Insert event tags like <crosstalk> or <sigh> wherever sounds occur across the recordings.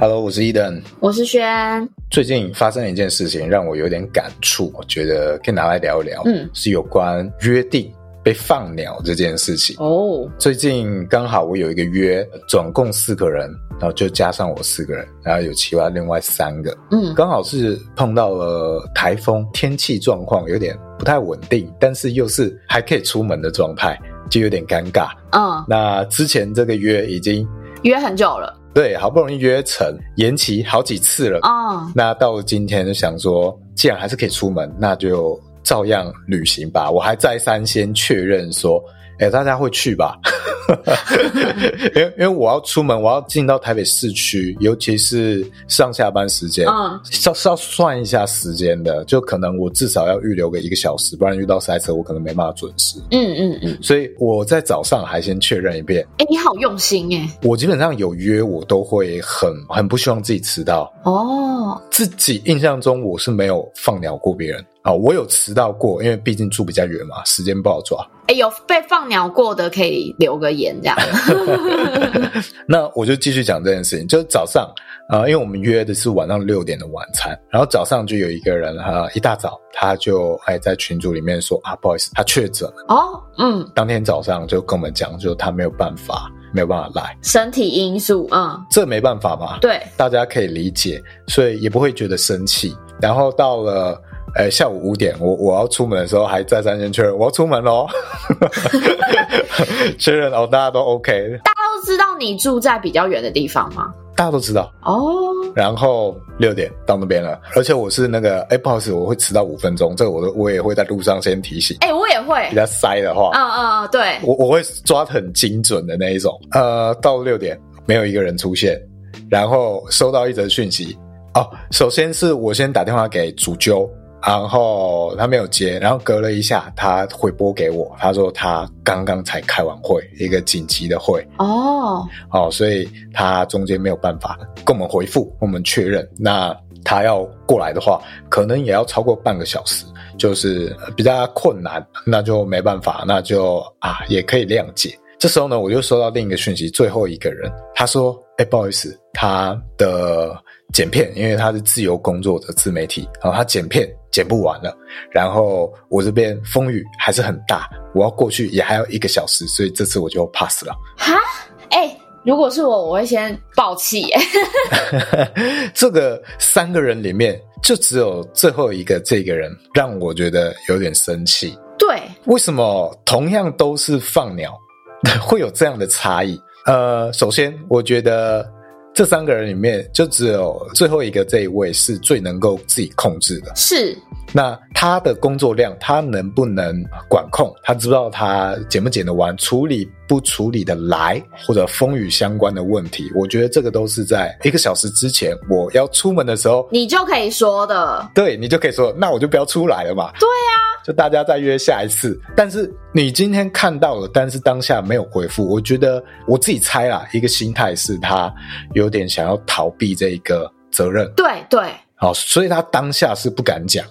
哈嘍，我是 Eden，我是軒。最近發生了一件事情，讓我有點感觸，我覺得可以拿來聊一聊。嗯，是有關約定被放鳥這件事情。哦，最近剛好我有一個約，總共四個人，然後就加上我四個人，然後有其他另外三個。嗯，剛好是碰到了台風，天氣狀況有點不太穩定，但是又是還可以出門的狀態，就有點尷尬。嗯，那之前這個約已經約很久了。對，好不容易約成，延期好幾次了。哦，那到今天就想說，既然還是可以出門，那就照樣旅行吧。我還再三先確認說。哎、欸，大家會去吧？因 <laughs> 為因為我要出門，我要進到台北市區，尤其是上下班時間，嗯，是要算一下時間的，就可能我至少要預留個一個小時，不然遇到塞車，我可能沒辦法準時。嗯嗯嗯。所以我在早上還先確認一遍。哎、欸，你好用心哎、欸。我基本上有約，我都會很很不希望自己遲到。哦。自己印象中我是沒有放鳥過別人。啊，我有遲到過，因為畢竟住比較遠嘛，時間不好抓。誒、欸、有被放鳥過的可以留個言這樣。 <laughs> <laughs> 那我就繼續講這件事情。就是、早上啊、呃，因為我們約的是晚上六點的晚餐，然後早上就有一個人哈、呃，一大早他就還在群組裡面說啊，不好意思，他確診了哦，嗯，當天早上就跟我們講，就他沒有辦法，沒有辦法來，身體因素，嗯，這沒辦法嘛，對，大家可以理解，所以也不會覺得生氣。然後到了。哎、欸，下午五點，我我要出門的時候還再三先確認我要出門嘍，確 <laughs> 認哦，大家都 OK。大家都知道你住在比較遠的地方嗎？大家都知道哦。Oh. 然後六點到那邊了，而且我是那個，哎、欸、不好意思，我會遲到五分鐘，這個我都我也會在路上先提醒。哎、欸，我也會。比較塞的話，嗯嗯嗯，對，我我會抓得很精準的那一種。呃，到六點沒有一個人出現，然後收到一則訊息哦，首先是我先打電話給主揪。然後他沒有接，然後隔了一下，他回撥給我，他說他剛剛才開完會，一個緊急的會。Oh. 哦，好，所以他中間沒有辦法跟我們回復，我們確認。那他要過來的話，可能也要超過半個小時，就是比較困難，那就沒辦法，那就啊，也可以諒解。這時候呢，我就收到另一個訊息，最後一個人，他說：“哎，不好意思，他的。”剪片，因為他是自由工作的自媒體，然、啊、後他剪片剪不完了。然後我這邊風雨還是很大，我要過去也還有一個小時，所以這次我就 pass 了。哈，哎、欸，如果是我，我會先爆氣。 <laughs> <laughs> 這個三個人裡面，就只有最後一個這個人讓我覺得有點生氣。對，為什麼同樣都是放鳥，會有這樣的差異？呃，首先我覺得。這三個人裡面，就只有最後一個這一位是最能夠自己控制的。是，那他的工作量，他能不能管控？他知不知道他剪不剪得完，處理不處理得來，或者風雨相關的問題，我覺得這個都是在一個小時之前，我要出門的時候，你就可以說的。對，你就可以說，那我就不要出來了嘛。對呀、啊。就大家再約下一次，但是你今天看到了，但是當下沒有回覆，我覺得我自己猜啦，一個心態是他有點想要逃避這個責任，對對，好，哦，所以他當下是不敢講的，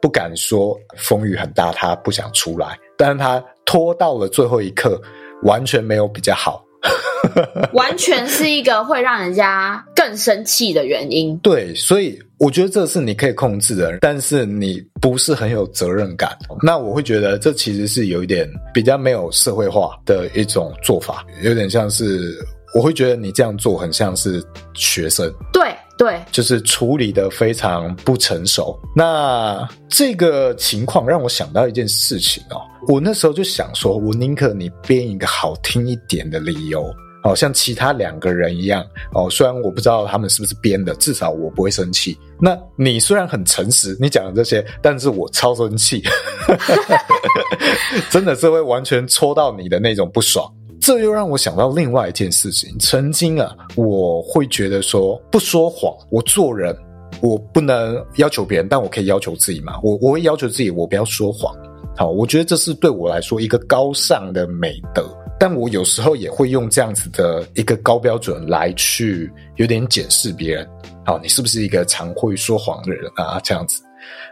不敢說風雨很大，他不想出來，但是他拖到了最後一刻，完全沒有比較好。 <laughs> <laughs> 完全是一個會讓人家更生氣的原因。對，所以我覺得這是你可以控制的，但是你不是很有責任感。那我會覺得這其實是有一點比較沒有社會化的一種做法，有點像是，我會覺得你這樣做很像是學生。對。對，就是處理的非常不成熟。那這個情況讓我想到一件事情哦，我那時候就想說，我寧可你編一個好聽一點的理由，好、哦、像其他兩個人一樣哦。雖然我不知道他們是不是編的，至少我不會生氣。那你雖然很誠實，你講的這些，但是我超生氣， <laughs> <laughs> 真的是會完全戳到你的那種不爽。這又讓我想到另外一件事情。曾經啊，我會覺得說，不說謊，我做人，我不能要求別人，但我可以要求自己嘛。我我會要求自己，我不要說謊。好，我覺得這是對我來說一個高尚的美德。但我有時候也會用這樣子的一個高標準，來去有點檢視別人。好，你是不是一個常會說謊的人啊？這樣子。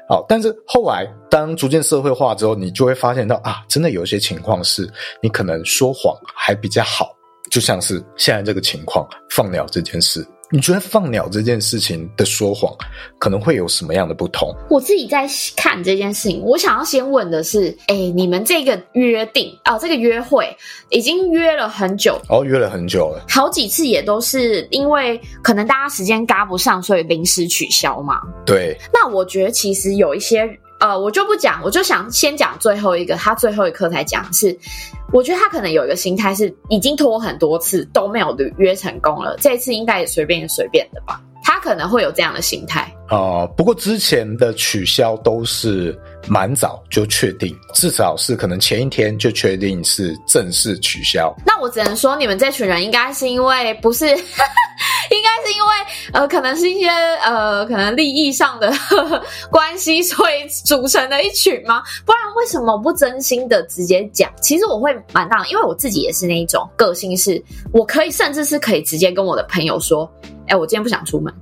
好，但是後來當逐漸社會化之後，你就會發現到啊，真的有一些情況是你可能說謊還比較好，就像是現在這個情況，放鳥這件事。你覺得放鳥這件事情的說謊可能會有什麼樣的不同？我自己在看這件事情，我想要先問的是，哎、欸，你們這個約定啊、呃，這個約會已經約了很久，哦，約了很久了，好幾次也都是因為可能大家時間趕不上，所以臨時取消嘛。對。那我覺得其實有一些。呃，我就不講，我就想先講最後一個，他最後一刻才講的是，是我覺得他可能有一個心態是已經拖很多次都沒有履約成功了，這次應該也隨便，也隨便的吧。他可能會有這樣的心態啊、呃，不過之前的取消都是蠻早就確定，至少是可能前一天就確定是正式取消。那我只能說，你們這群人應該是因為不是， <laughs> 應該是因為呃，可能是一些呃，可能利益上的 <laughs> 關係，所以組成了一群嗎？不然為什麼不真心的直接講？其實我會蠻大，因為我自己也是那一種個性是，是我可以甚至是可以直接跟我的朋友說。哎，我今天不想出門，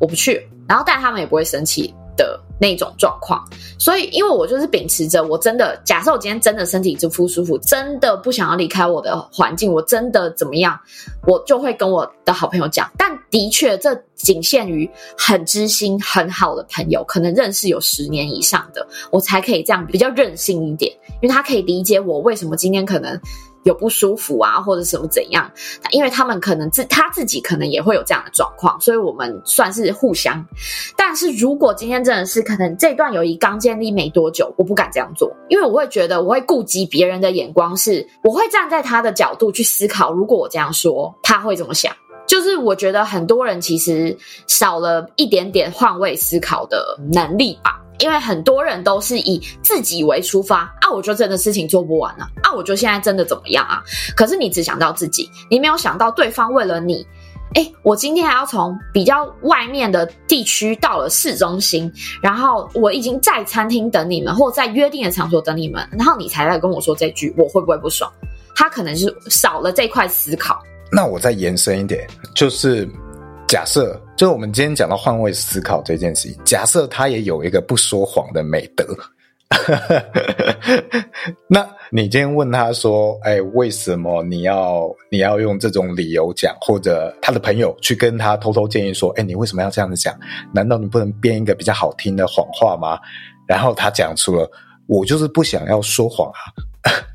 我不去，然後但他們也不會生氣的那種狀況。所以，因為我就是秉持着，我真的假設我今天真的身體不舒服，真的不想要離開我的環境，我真的怎麼樣，我就會跟我的好朋友講。但的確，這僅限於很知心、很好的朋友，可能認識有十年以上的，我才可以這樣比較任性一點，因為他可以理解我為什麼今天可能。有不舒服啊，或者什麼怎樣，因為他們可能自他自己可能也會有這樣的狀況，所以我們算是互相。但是如果今天真的是可能這段友誼剛建立沒多久，我不敢這樣做，因為我會覺得我會顧及別人的眼光是，是我會站在他的角度去思考，如果我這樣說，他會怎麼想？就是我覺得很多人其實少了一點點換位思考的能力吧。因為很多人都是以自己為出發啊，我就真的事情做不完了啊，啊我就現在真的怎麼樣啊？可是你只想到自己，你沒有想到對方為了你，哎，我今天還要從比較外面的地區到了市中心，然後我已經在餐廳等你們，或在約定的場所等你們，然後你才來跟我說這句，我會不會不爽？他可能是少了這塊思考。那我再延伸一點，就是。假設就是我們今天講到換位思考這件事情。假設他也有一個不說謊的美德， <laughs> 那你今天問他說：“哎，為什麼你要你要用這種理由講？”或者他的朋友去跟他偷偷建議說：“哎，你為什麼要這樣子講？難道你不能編一個比較好聽的謊話嗎？”然後他講出了：“我就是不想要說謊啊。”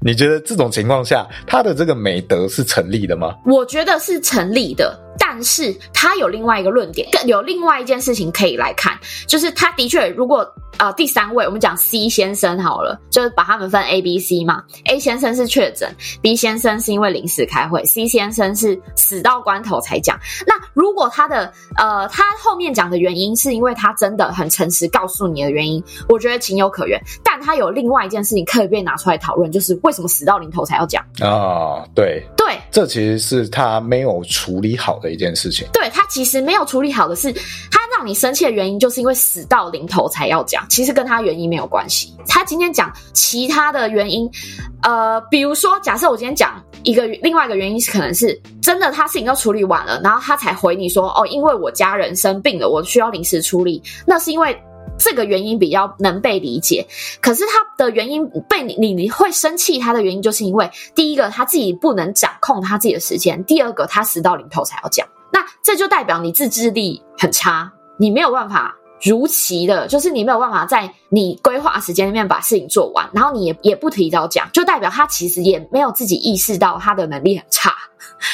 你覺得這種情況下，他的這個美德是成立的嗎？我覺得是成立的，但是他有另外一個論點，更有另外一件事情可以來看，就是他的確，如果呃第三位我們講 C 先生好了，就是把他們分 A、B、C 嘛，A 先生是確診，B 先生是因為臨時開會，C 先生是死到關頭才講。那如果他的呃他後面講的原因是因為他真的很誠實告訴你的原因，我覺得情有可原。但他有另外一件事情可以被拿出來討論，就。就是為什麼死到臨頭才要講啊？哦，對對，這其實是他沒有處理好的一件事情。對，他其實沒有處理好的是，他讓你生氣的原因，就是因為死到臨頭才要講，其實跟他原因沒有關係。他今天講其他的原因，呃，比如說，假設我今天講一個另外一個原因，是可能是真的，他事情都處理完了，然後他才回你說，哦，因為我家人生病了，我需要臨時處理。那是因為。這個原因比較能被理解，可是他的原因被你，你會生氣，他的原因就是因為第一個他自己不能掌控他自己的時間，第二個他死到臨頭才要講，那這就代表你自制力很差，你沒有辦法如期的，就是你沒有辦法在你規劃時間裡面把事情做完，然後你也也不提早講，就代表他其實也沒有自己意識到他的能力很差。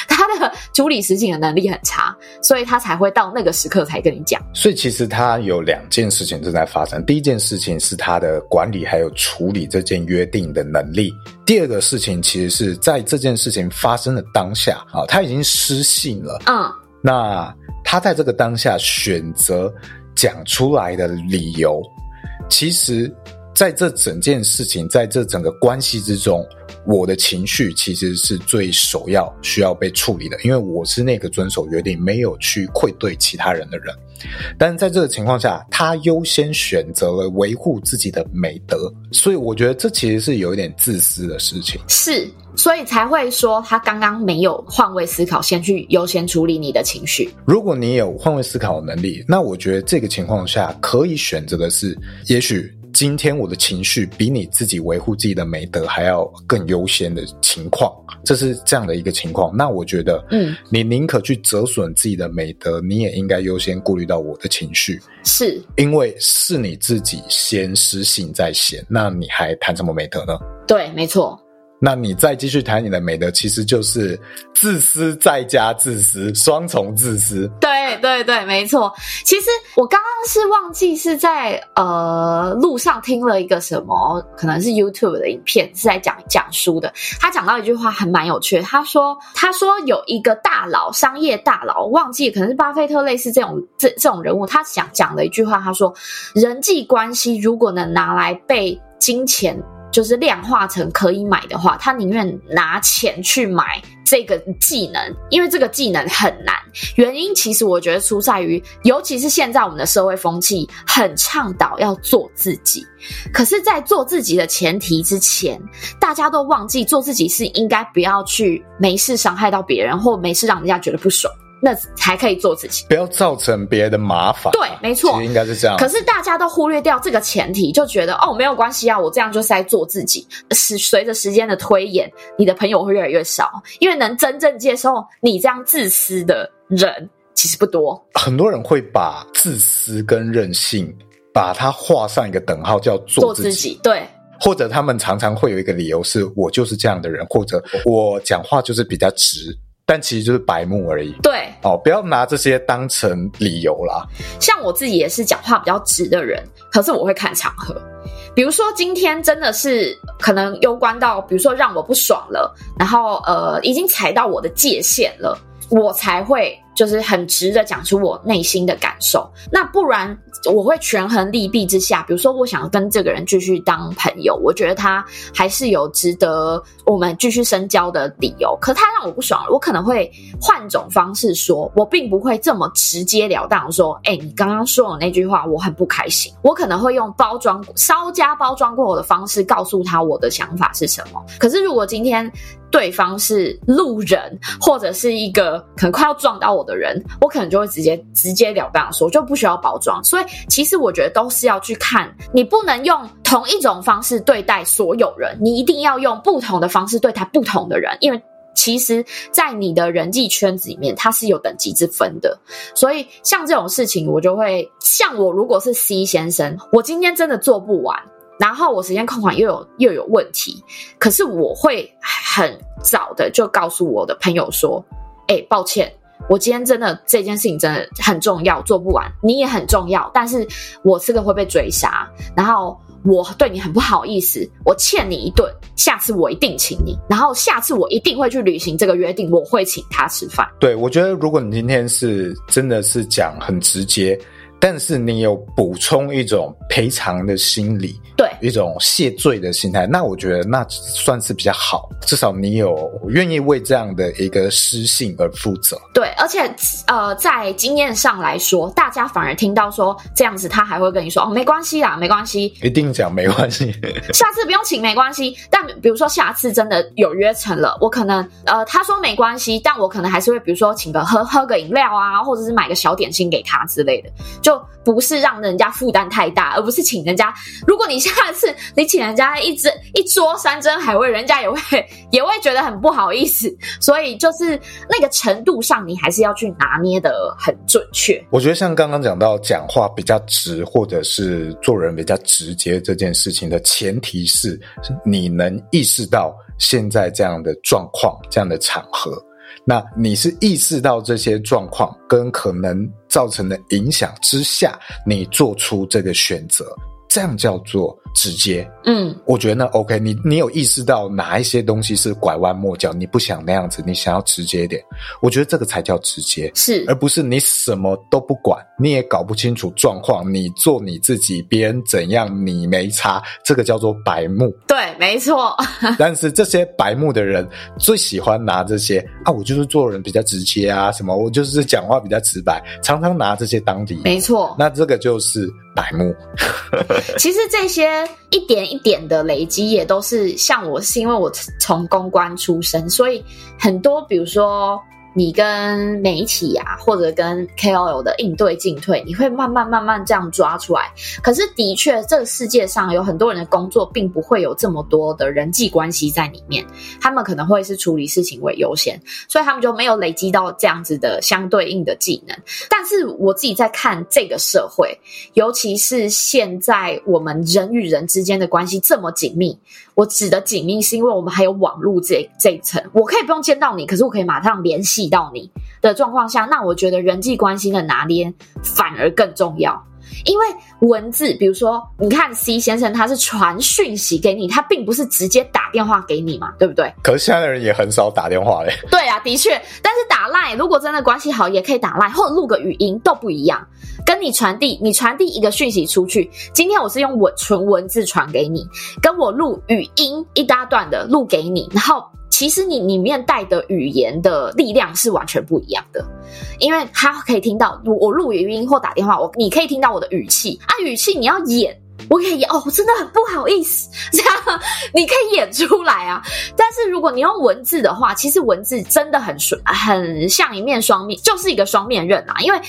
他的處理事情的能力很差，所以他才會到那個時刻才跟你講。所以其實他有兩件事情正在發生。第一件事情是他的管理還有處理這件約定的能力。第二個事情其實是在這件事情發生的當下啊，他已經失信了。嗯，那他在這個當下選擇講出來的理由，其實在這整件事情，在這整個關係之中。我的情緒其實是最首要需要被處理的，因為我是那個遵守約定、沒有去愧對其他人的人。但是在這個情況下，他優先選擇了維護自己的美德，所以我覺得這其實是有一點自私的事情。是，所以才會說他剛剛沒有換位思考，先去優先處理你的情緒。如果你有換位思考的能力，那我覺得這個情況下可以選擇的是，也許。今天我的情緒比你自己維護自己的美德還要更優先的情況，這是這樣的一個情況。那我覺得，嗯，你寧可去折損自己的美德，嗯，你也應該優先顧慮到我的情緒。是，因為是你自己先失信在先，那你還談什麼美德呢？對，沒錯。那你再繼續談你的美德，其實就是自私再加自私，雙重自私。對對對，沒錯。其實我剛剛是忘記是在呃路上聽了一個什麼，可能是 YouTube 的影片，是在講講書的。他講到一句話還蠻有趣，他說他說有一個大佬，商業大佬，忘記可能是巴菲特類似這種這這種人物，他想講的一句話，他說人際關係如果能拿來被金錢。就是量化成可以買的話，他寧願拿錢去買這個技能，因為這個技能很難。原因其實我覺得出在於，尤其是現在我們的社會風氣很倡導要做自己，可是，在做自己的前提之前，大家都忘記做自己是應該不要去沒事傷害到別人，或沒事讓人家覺得不爽。那才可以做自己，不要造成別的麻煩。對，沒錯，其實應該是這樣。可是大家都忽略掉這個前提，就覺得哦，沒有關係啊，我這樣就是在做自己。是隨着時間的推演，你的朋友會越來越少，因為能真正接受你這樣自私的人其實不多。很多人會把自私跟任性把它畫上一個等號叫做自己，做自己。對，或者他們常常會有一個理由，是我就是這樣的人，或者我講話就是比較直。但其實就是白目而已。對，哦，不要拿這些當成理由啦。像我自己也是講話比較直的人，可是我會看場合。比如說今天真的是可能攸關到，比如說讓我不爽了，然後呃，已經踩到我的界限了，我才會。就是很直地講出我內心的感受，那不然我會權衡利弊之下，比如說我想跟這個人繼續當朋友，我覺得他還是有值得我們繼續深交的理由。可他讓我不爽了，我可能會換種方式說，我並不會這麼直截了當說，哎、欸，你剛剛說的那句話我很不開心。我可能會用包裝、稍加包裝過我的方式告訴他我的想法是什麼。可是如果今天，對方是路人，或者是一個可能快要撞到我的人，我可能就會直接直截了當說，就不需要包裝。所以，其實我覺得都是要去看，你不能用同一種方式對待所有人，你一定要用不同的方式對待不同的人，因為其實，在你的人際圈子裡面，它是有等級之分的。所以，像這種事情，我就會，像我如果是 C 先生，我今天真的做不完。然後我時間控管又有又有問題，可是我會很早的就告訴我的朋友說：“哎、欸，抱歉，我今天真的這件事情真的很重要，做不完。你也很重要，但是我這個會被追殺。然後我對你很不好意思，我欠你一頓，下次我一定請你。然後下次我一定會去履行這個約定，我會請他吃飯。”對，我覺得如果你今天是真的是講很直接，但是你有補充一種賠償的心理。一種謝罪的心態，那我覺得那算是比較好，至少你有願意為這樣的一個失信而負責。對，而且呃，在經驗上來說，大家反而聽到說這樣子，他還會跟你說哦，沒關係啦，沒關係，一定講沒關係，下次不用請沒關係。但比如說下次真的有約成了，我可能呃他說沒關係，但我可能還是會比如說請個喝喝個飲料啊，或者是買個小點心給他之類的，就不是讓人家負擔太大，而不是請人家。如果你下次但是，你請人家一隻一桌山珍海味，人家也會也會覺得很不好意思。所以就是那個程度上，你還是要去拿捏得很準確。我覺得像剛剛講到講話比較直，或者是做人比較直接這件事情的前提是，你能意識到現在這樣的狀況、這樣的場合，那你是意識到這些狀況跟可能造成的影響之下，你做出這個選擇。這樣叫做直接，嗯，我覺得呢 OK 你，你你有意識到哪一些東西是拐彎抹角？你不想那樣子，你想要直接一點。我覺得這個才叫直接，是而不是你什麼都不管，你也搞不清楚狀況，你做你自己，別人怎樣你沒差。這個叫做白目，對，沒錯。 <laughs> 但是這些白目的人最喜歡拿這些啊，我就是做人比較直接啊，什麼我就是講話比較直白，常常拿這些當理由，沒錯。那這個就是。白目， <laughs> 其實這些一點一點的累積也都是像我，是因為我從公關出身，所以很多，比如說。你跟媒體啊，或者跟 KOL 的應對進退，你會慢慢慢慢這樣抓出來。可是，的確，這個世界上有很多人的工作，並不會有這麼多的人際關係在裡面。他們可能會是處理事情為優先，所以他們就沒有累積到這樣子的相對應的技能。但是，我自己在看這個社會，尤其是現在我們人與人之間的關係這麼緊密。我指的緊密是因為我們還有網絡這這一層，我可以不用見到你，可是我可以馬上聯繫到你的狀況下，那我覺得人際關係的拿捏反而更重要。因為文字，比如說你看 C 先生他是傳訊息給你，他並不是直接打電話給你嘛，對不對？可是現在的人也很少打電話嘞。對啊，的確，但是打賴如果真的關係好也可以打賴，或者錄個語音都不一樣。跟你傳遞，你傳遞一個訊息出去。今天我是用我純文字傳給你，跟我錄語音一大段的錄給你，然後其實你裡面帶的語言的力量是完全不一樣的，因為他可以聽到我我錄語音或打電話，我你可以聽到我的語氣啊，語氣你要演。我可以哦，我真的很不好意思，這樣、啊、你可以演出來啊。但是如果你用文字的話，其實文字真的很順，很像一面雙面，就是一個雙面刃啊。因為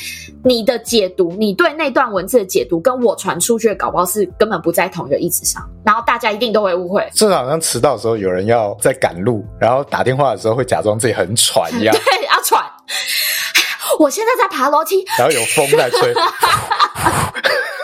你的解讀，你對那段文字的解讀，跟我傳出去的搞不好是根本不在同一個意思上，然後大家一定都會誤會。正常好像遲到的時候，有人要在趕路，然後打電話的時候會假裝自己很喘一樣，嗯、對，要、啊、喘。 <laughs> 我現在在爬樓梯，然後有風在吹。 <laughs>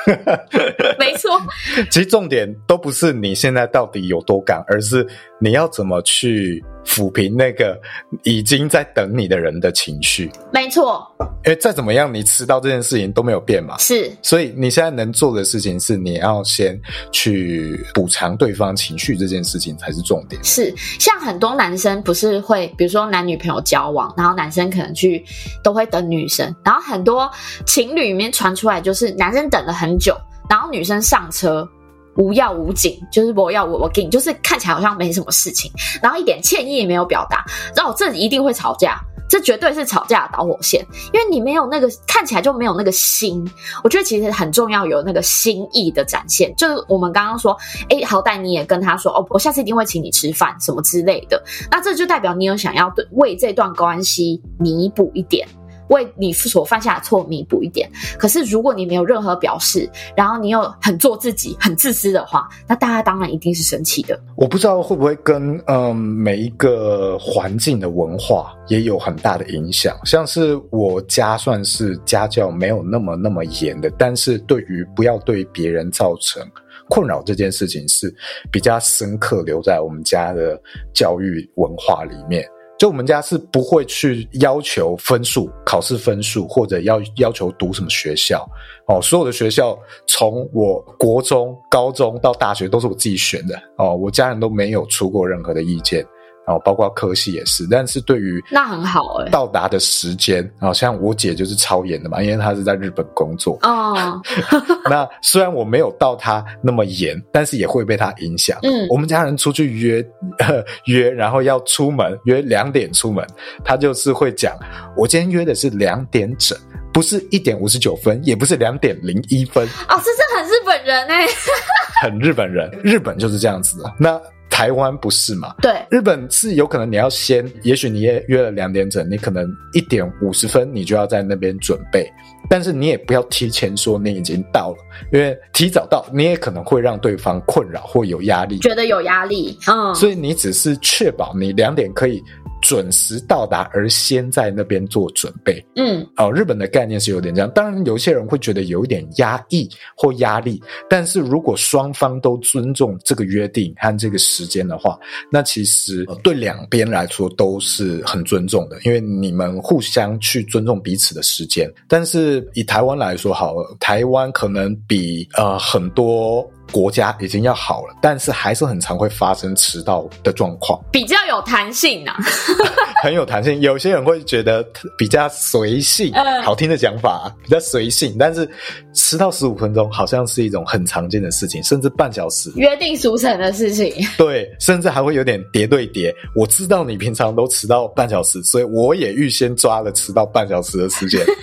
<laughs> 沒錯，其實重點都不是你現在到底有多趕，而是你要怎麼去撫平那個已經在等你的人的情緒。沒錯，誒，再怎麼樣，你遲到這件事情都沒有變嘛。是，所以你現在能做的事情是，你要先去補償對方情緒，這件事情才是重點。是，像很多男生不是會，比如說男女朋友交往，然後男生可能去都會等女生，然後很多情侶裡面傳出來就是男生等了很久。然後女生上車，無要無緊，就是我要我我給你，就是看起來好像沒什麼事情，然後一點歉意也沒有表達，然後這一定會吵架，這絕對是吵架的導火線，因為你沒有那個看起來就沒有那個心，我覺得其實很重要，有那個心意的展現，就是我們剛剛說，誒、欸，好歹你也跟他說哦，我下次一定會請你吃飯什麼之類的，那這就代表你有想要對為這段關係彌補一點。為你所犯下的錯彌補一點，可是如果你沒有任何表示，然後你又很做自己、很自私的話，那大家當然一定是生氣的。我不知道會不會跟嗯每一個環境的文化也有很大的影響。像是我家算是家教沒有那麼那麼嚴的，但是對於不要對別人造成困擾這件事情，是比較深刻留在我們家的教育文化裡面。所以我們家是不會去要求分數、考試分數，或者要要求讀什麼學校哦。所有的學校，從我國中、高中到大學，都是我自己選的哦。我家人都沒有出過任何的意見。然後包括科系也是，但是對於那很好哎，到達的時間好像我姐就是超嚴的嘛，因為她是在日本工作哦。 <laughs> 那雖然我沒有到她那麼嚴，但是也會被她影響。嗯，我們家人出去約、呃、約，然後要出門，約兩點出門，她就是會講，我今天約的是兩點整，不是一點五十九分，也不是兩點零一分。哦，這是很日本人哎、欸， <laughs> 很日本人，日本就是這樣子的。那。台灣不是嘛，對，日本是有可能你要先，也許你也約了兩點整，你可能一點五十分你就要在那邊準備。但是你也不要提前說你已經到了，因為提早到你也可能會讓對方困擾或有壓力，覺得有壓力，嗯，所以你只是確保你兩點可以準時到達，而先在那邊做準備，嗯，哦，日本的概念是有點這樣，當然有些人會覺得有一點壓抑或壓力，但是如果雙方都尊重這個約定和這個時間的話，那其實對兩邊來說都是很尊重的，因為你們互相去尊重彼此的時間，但是。以台灣來說，好了，台灣可能比呃很多國家已經要好了，但是還是很常會發生遲到的狀況。比較有彈性呢、啊， <laughs> <laughs> 很有彈性。有些人會覺得比較隨性，好聽的講法、嗯、比較隨性，但是遲到十五分鐘好像是一種很常見的事情，甚至半小時約定俗成的事情。 <laughs> 對，甚至還會有點疊對疊。我知道你平常都遲到半小時，所以我也預先抓了遲到半小時的時間。 <laughs>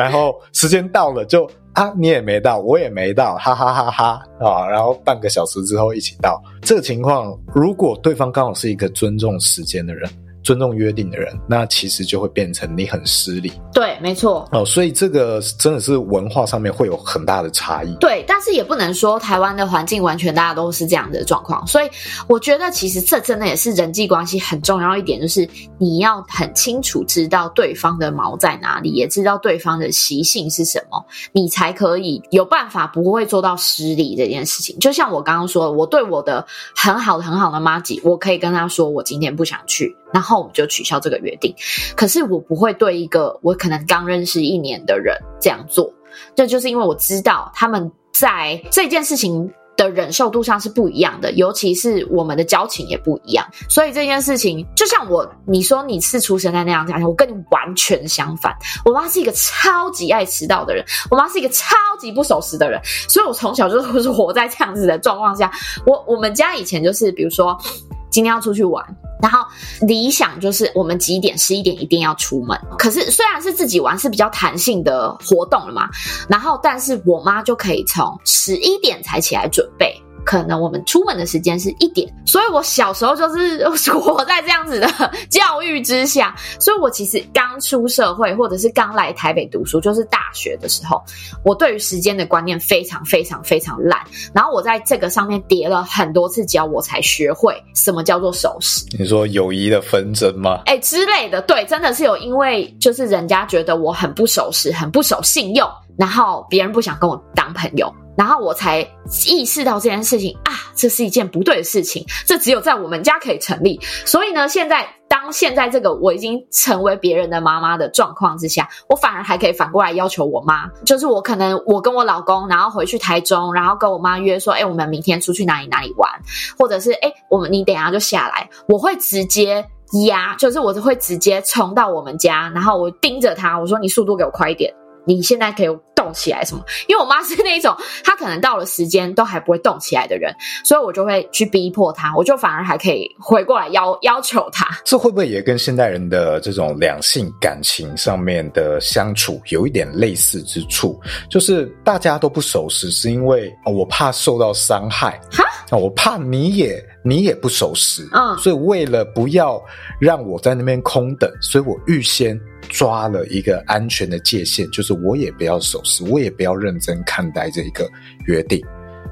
然後時間到了就，就啊，你也沒到，我也沒到，哈哈哈哈啊，哦，然後半個小時之後一起到，這個情況如果對方剛好是一個尊重時間的人，尊重約定的人，那其實就會變成你很失禮。對，沒錯。哦，所以這個真的是文化上面會有很大的差異。對。但是也不能說台灣的環境完全大家都是這樣的狀況，所以我覺得其實這真的也是人際關係很重要一點，就是你要很清楚知道對方的毛在哪裡，也知道對方的習性是什麼，你才可以有辦法不會做到失禮這件事情。就像我剛剛說的，我對我的很好的很好的麻吉，我可以跟他說我今天不想去，然後我們就取消這個約定。可是我不會對一個我可能剛認識一年的人這樣做，這就是因為我知道他們。在這件事情的忍受度上是不一樣的，尤其是我們的交情也不一樣，所以這件事情就像我，你說你是出生在那樣家庭，我跟你完全相反。我媽是一個超級愛遲到的人，我媽是一個超級不守時的人，所以我從小就是活在這樣子的狀況下。我我們家以前就是，比如說。今天要出去玩，然後理想就是我們幾點？十一點一定要出門。可是雖然是自己玩，是比較彈性的活動了嘛，然後，但是我媽就可以從十一點才起來準備。可能我們出門的時間是一點，所以我小時候就是活在這樣子的教育之下，所以我其實剛出社會，或者是剛來台北讀書，就是大學的時候，我對於時間的觀念非常非常非常爛，然後我在這個上面跌了很多次跤，只要我才學會什麼叫做守時。你說友誼的紛爭嗎？哎之類的，對，真的是有，因為就是人家覺得我很不守時，很不守信用，然後別人不想跟我當朋友。然後我才意識到這件事情啊，這是一件不對的事情，這只有在我們家可以成立。所以呢，現在當現在這個我已經成為別人的媽媽的狀況之下，我反而還可以反過來要求我媽，就是我可能我跟我老公，然後回去台中，然後跟我媽約說，欸，我們明天出去哪裡哪裡玩，或者是欸，我們你等下就下來，我會直接壓，就是我就會直接衝到我們家，然後我盯着他，我說你速度給我快一點，你現在可以。起來什麼？因為我媽是那一種，她可能到了時間都還不會動起來的人，所以我就會去逼迫她，我就反而還可以回過來要要求她。這會不會也跟現代人的這種兩性感情上面的相處有一點類似之處？就是大家都不守時，是因為我怕受到傷害，哈，我怕你也。你也不守時，嗯，所以為了不要讓我在那邊空等，所以我預先抓了一個安全的界限，就是我也不要守時，我也不要認真看待這一個約定。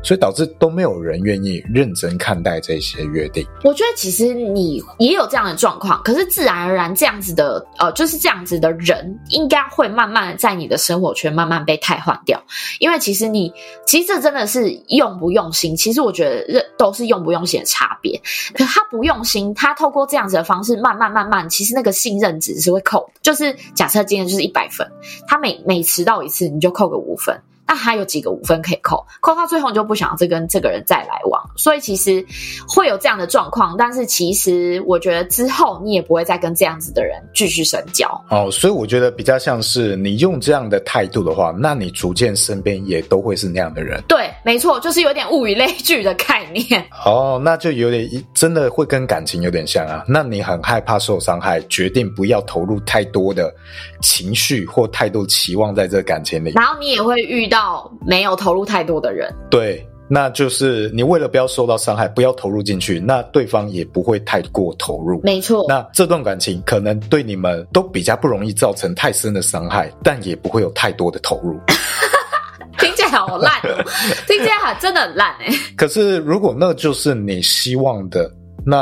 所以導致都沒有人願意認真看待這些約定。我覺得其實你也有這樣的狀況，可是自然而然這樣子的呃，就是這樣子的人應該會慢慢在你的生活圈慢慢被汰換掉。因為其實你其實這真的是用不用心，其實我覺得都是用不用心的差別。可是他不用心，他透過這樣子的方式慢慢慢慢，其實那個信任值是會扣。就是假設今天就是一百分，他每每遲到一次，你就扣個五分。那還有幾個五分可以扣，扣到最後你就不想要再跟這個人再來往，所以其實會有這樣的狀況。但是其實我覺得之後你也不會再跟這樣子的人繼續深交。哦，所以我覺得比較像是你用這樣的態度的話，那你逐漸身邊也都會是那樣的人。對，沒錯，就是有點物以類聚的概念。哦，那就有點真的會跟感情有點像啊。那你很害怕受傷害，決定不要投入太多的情緒或太多期望在這個感情裡，然後你也會遇到。到沒有投入太多的人，對，那就是你為了不要受到傷害，不要投入進去，那對方也不會太過投入，沒錯。那這段感情可能對你們都比較不容易造成太深的傷害，但也不會有太多的投入。 <laughs> 聽起來好爛， <laughs> 聽起來好真的很爛哎、欸。可是如果那就是你希望的那。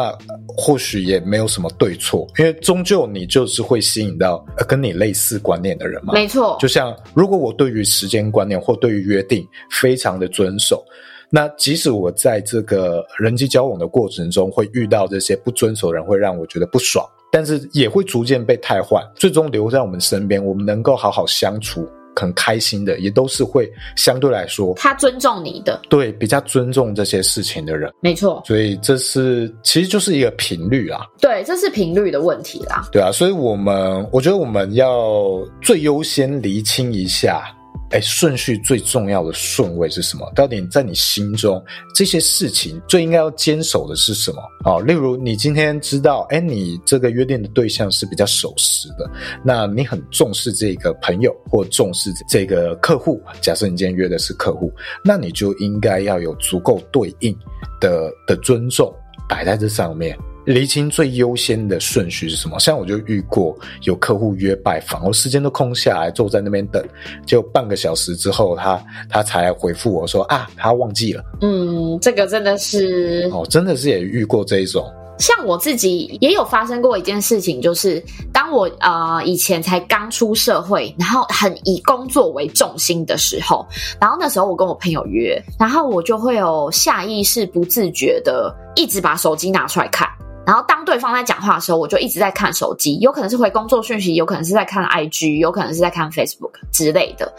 或許也沒有什麼對錯，因為終究你就是會吸引到跟你類似觀念的人嘛。沒錯，就像如果我對於時間觀念或對於約定非常的遵守，那即使我在這個人際交往的過程中會遇到這些不遵守的人，會讓我覺得不爽，但是也會逐漸被汰換，最終留在我們身邊，我們能夠好好相處，很開心的，也都是會相對來說，他尊重你的，對，比較尊重這些事情的人，沒錯。所以這是其實就是一個頻率啊，對，這是頻率的問題啦，對啊。所以我們我覺得我們要最優先釐清一下。哎、欸，順序最重要的順位是什麼？到底在你心中，這些事情最應該要堅守的是什麼？哦，例如你今天知道，哎、欸，你這個約定的對象是比較守時的，那你很重視這個朋友或重視這個客戶，假設你今天約的是客戶，那你就應該要有足夠對應的的尊重擺在這上面。釐清最優先的順序是什麼？像我就遇過有客戶約拜訪，我時間都空下來坐在那邊等，就半個小時之後，他他才回復我說啊，他忘記了。嗯，這個真的是哦，真的是也遇過這一種。像我自己也有發生過一件事情，就是當我呃以前才剛出社會，然後很以工作為重心的時候，然後那時候我跟我朋友約，然後我就會有下意識不自覺的一直把手機拿出來看。然後當對方在講話的時候，我就一直在看手機，有可能是回工作訊息，有可能是在看 IG，有可能是在看 Facebook 之類的。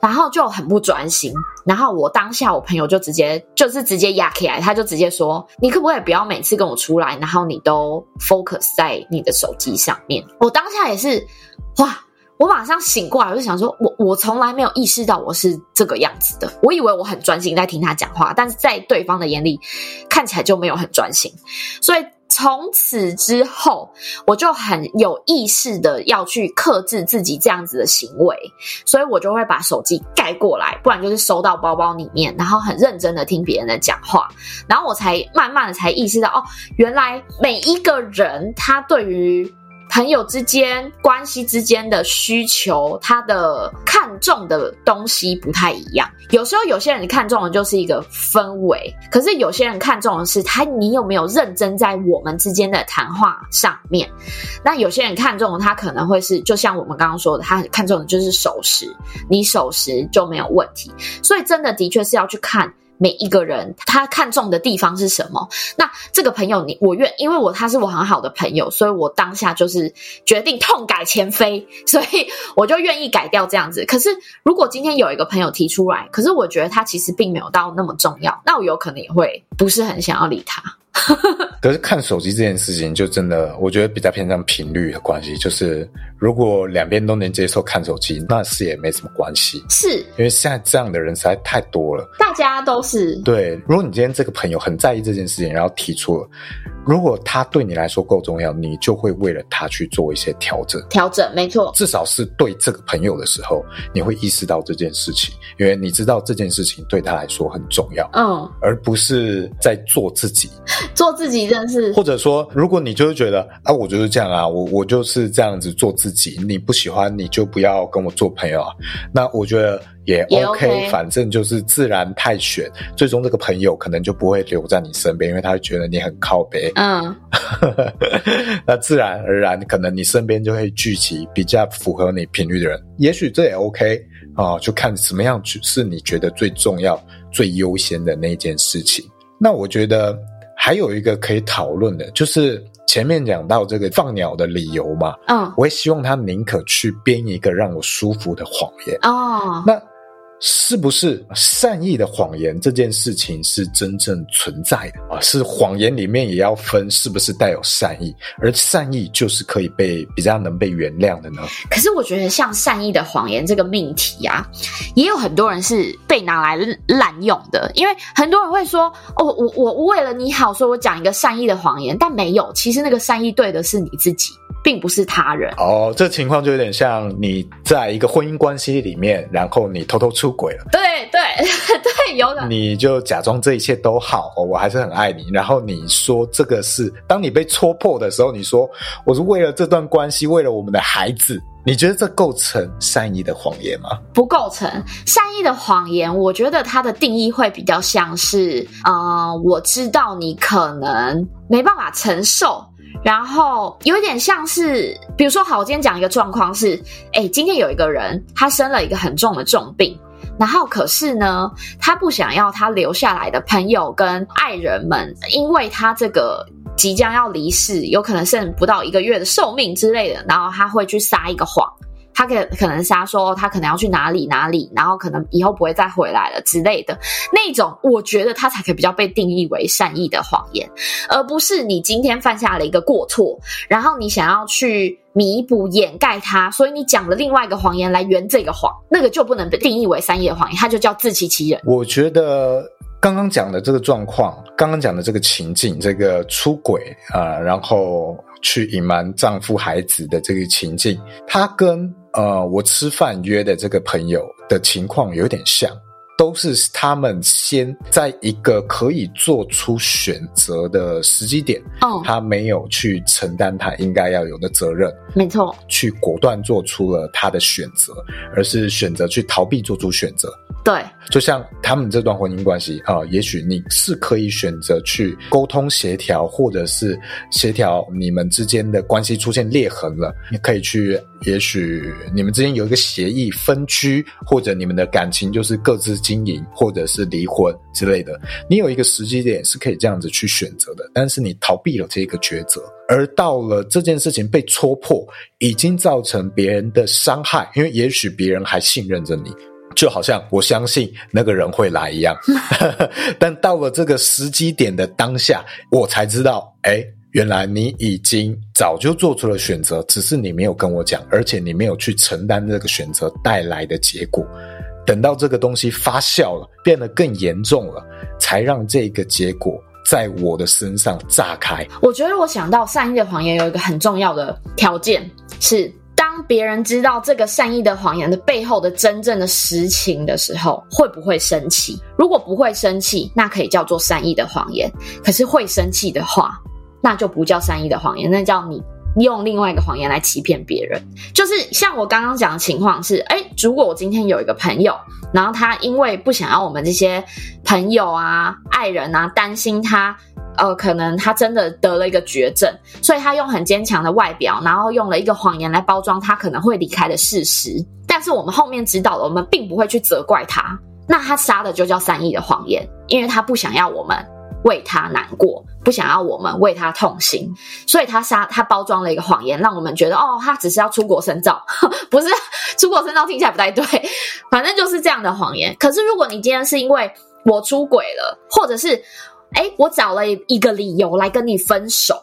然後就很不專心。然後我當下，我朋友就直接就是直接壓起來，他就直接說：“你可不可以不要每次跟我出來，然後你都 focus 在你的手機上面？”我當下也是，哇！我馬上醒過來，我就想說：“我我從來沒有意識到我是這個樣子的，我以為我很專心在聽他講話，但是在對方的眼裡看起來就沒有很專心。”所以。從此之後，我就很有意識的要去克制自己這樣子的行為，所以我就會把手機蓋過來，不然就是收到包包裡面，然後很認真的聽別人的講話，然後我才慢慢的才意識到，哦，原來每一個人他對於。朋友之間關係之間的需求，他的看重的東西不太一樣。有時候有些人看重的就是一個氛圍，可是有些人看重的是他，你有沒有認真在我們之間的談話上面。那有些人看重的他可能會是，就像我們剛剛說的，他看重的就是守時，你守時就沒有問題。所以真的的確是要去看。每一個人他看重的地方是什麼？那這個朋友你，你我願，因為我他是我很好的朋友，所以我當下就是決定痛改前非，所以我就願意改掉這樣子。可是如果今天有一個朋友提出來，可是我覺得他其實並沒有到那麼重要，那我有可能也會不是很想要理他。 <laughs> 可是看手機這件事情，就真的我覺得比較偏向頻率的關係。就是如果兩邊都能接受看手機，那是也沒什麼關係。是。因為現在這樣的人實在太多了，大家都是。對，如果你今天這個朋友很在意這件事情，然後提出了，如果他對你來說夠重要，你就會為了他去做一些調整。調整沒錯，至少是對這個朋友的時候，你會意識到這件事情，因為你知道這件事情對他來說很重要。嗯，而不是在做自己。做自己真是，或者說，如果你就是覺得啊，我就是這樣啊，我我就是這樣子做自己，你不喜歡你就不要跟我做朋友啊。那我覺得也 OK，也 OK 反正就是自然太選，最終這個朋友可能就不會留在你身邊，因為他會覺得你很靠北。嗯， <laughs> 那自然而然，可能你身邊就會聚集比較符合你頻率的人，也許這也 OK 啊，就看什麼樣是是你覺得最重要、最優先的那件事情。那我覺得。還有一個可以討論的，就是前面講到這個放鳥的理由嘛，嗯、oh.，我也希望他寧可去編一個讓我舒服的謊言哦，oh. 那。是不是善意的謊言這件事情是真正存在的，而是謊言裡面也要分是不是帶有善意，而善意就是可以被比較能被原諒的呢？可是我覺得像善意的謊言這個命題呀、啊，也有很多人是被拿來濫用的，因為很多人會說哦，我我為了你好，說我講一個善意的謊言，但沒有，其實那個善意對的是你自己。並不是他人哦，這情況就有點像你在一個婚姻關係裡面，然後你偷偷出軌了。對對對，有的。你就假裝這一切都好，我還是很愛你。然後你說這個是，當你被戳破的時候，你說我是為了這段關係，為了我們的孩子。你覺得這構成善意的謊言嗎？不構成善意的謊言。我覺得它的定義會比較像是，嗯、呃，我知道你可能沒辦法承受。然後有點像是，比如說，好，我今天講一個狀況是，哎，今天有一個人，他生了一個很重的重病，然後可是呢，他不想要他留下來的朋友跟愛人們，因為他這個即將要離世，有可能剩不到一個月的壽命之類的，然後他會去撒一個謊。他可可能瞎他說他可能要去哪裡哪裡，然後可能以後不會再回來了之類的那種，我覺得他才可以比較被定義為善意的謊言，而不是你今天犯下了一個過錯，然後你想要去彌補掩蓋它，所以你講了另外一個謊言來圓這個謊，那個就不能被定義為善意的謊言，它就叫自欺欺人。我覺得剛剛講的這個狀況，剛剛講的這個情境，這個出軌啊、呃，然後去隱瞞丈夫孩子的這個情境，它跟呃，我吃飯約的這個朋友的情況有點像，都是他們先在一個可以做出選擇的時機點，哦，他沒有去承擔他應該要有的責任，沒錯，去果斷做出了他的選擇，而是選擇去逃避做出選擇。對，就像他們這段婚姻關係啊、哦，也許你是可以選擇去溝通協調，或者是協調你們之間的關係出現裂痕了，你可以去。也許你們之間有一個協議分居，或者你們的感情就是各自經營，或者是離婚之類的。你有一個時機點是可以這樣子去選擇的，但是你逃避了這一個抉擇，而到了這件事情被戳破，已經造成別人的傷害，因為也許別人還信任着你。就好像我相信那個人會來一樣， <laughs> 但到了這個時機點的當下，我才知道，哎、欸，原來你已經早就做出了選擇，只是你沒有跟我講，而且你沒有去承擔這個選擇帶來的結果。等到這個東西發酵了，變得更嚴重了，才讓這個結果在我的身上炸開。我覺得我想到善意的謊言有一個很重要的條件是。當別人知道這個善意的謊言的背後的真正的實情的時候，會不會生氣？如果不會生氣，那可以叫做善意的謊言；可是會生氣的話，那就不叫善意的謊言，那叫你用另外一個謊言來欺騙別人。就是像我剛剛講的情況是，誒，欸，如果我今天有一個朋友，然後他因為不想要我們這些朋友啊、愛人啊擔心他。呃，可能他真的得了一個絕症，所以他用很堅強的外表，然後用了一個謊言來包裝他可能會離開的事實。但是我們後面知道了，我們並不會去責怪他。那他殺的就叫善意的謊言，因為他不想要我們為他難過，不想要我們為他痛心，所以他殺他包裝了一個謊言，讓我們覺得哦，他只是要出國深造，不是，出國深造聽起來不太對，反正就是這樣的謊言。可是如果你今天是因為我出軌了，或者是。哎，我找了一個理由來跟你分手，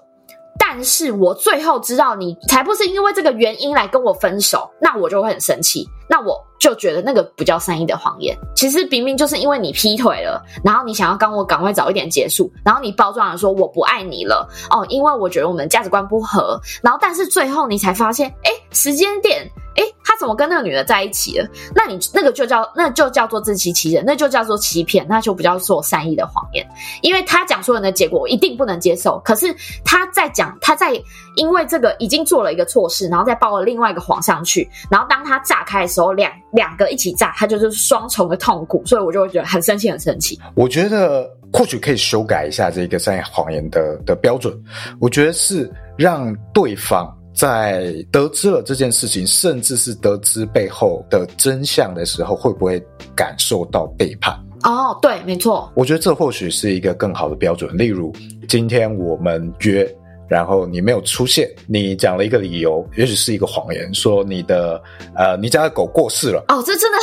但是我最後知道你才不是因為這個原因來跟我分手，那我就會很生氣。那我就覺得那個不叫善意的謊言，其實明明就是因為你劈腿了，然後你想要跟我趕快早一點結束，然後你包裝了說我不愛你了哦，因為我覺得我們價值觀不合，然後但是最後你才發現，哎，時間點，哎，他怎麼跟那個女的在一起了？那你那個就叫那就叫做自欺欺人，那就叫做欺騙，那就不叫做善意的謊言，因為他講出來的結果我一定不能接受。可是他在講，他在因為這個已經做了一個錯事，然後再報了另外一個謊上去，然後當他炸開的時候。時候兩兩個一起炸，他就是雙重的痛苦，所以我就會覺得很生氣，很生氣。我覺得或許可以修改一下這個善意謊言的的標準，我覺得是讓對方在得知了這件事情，甚至是得知背後的真相的時候，會不會感受到背叛？哦、oh，對，沒錯。我覺得這或許是一個更好的標準。例如，今天我們約。然後你沒有出現，你講了一個理由，也許是一個謊言，說你的呃，你家的狗過世了。哦，這真的，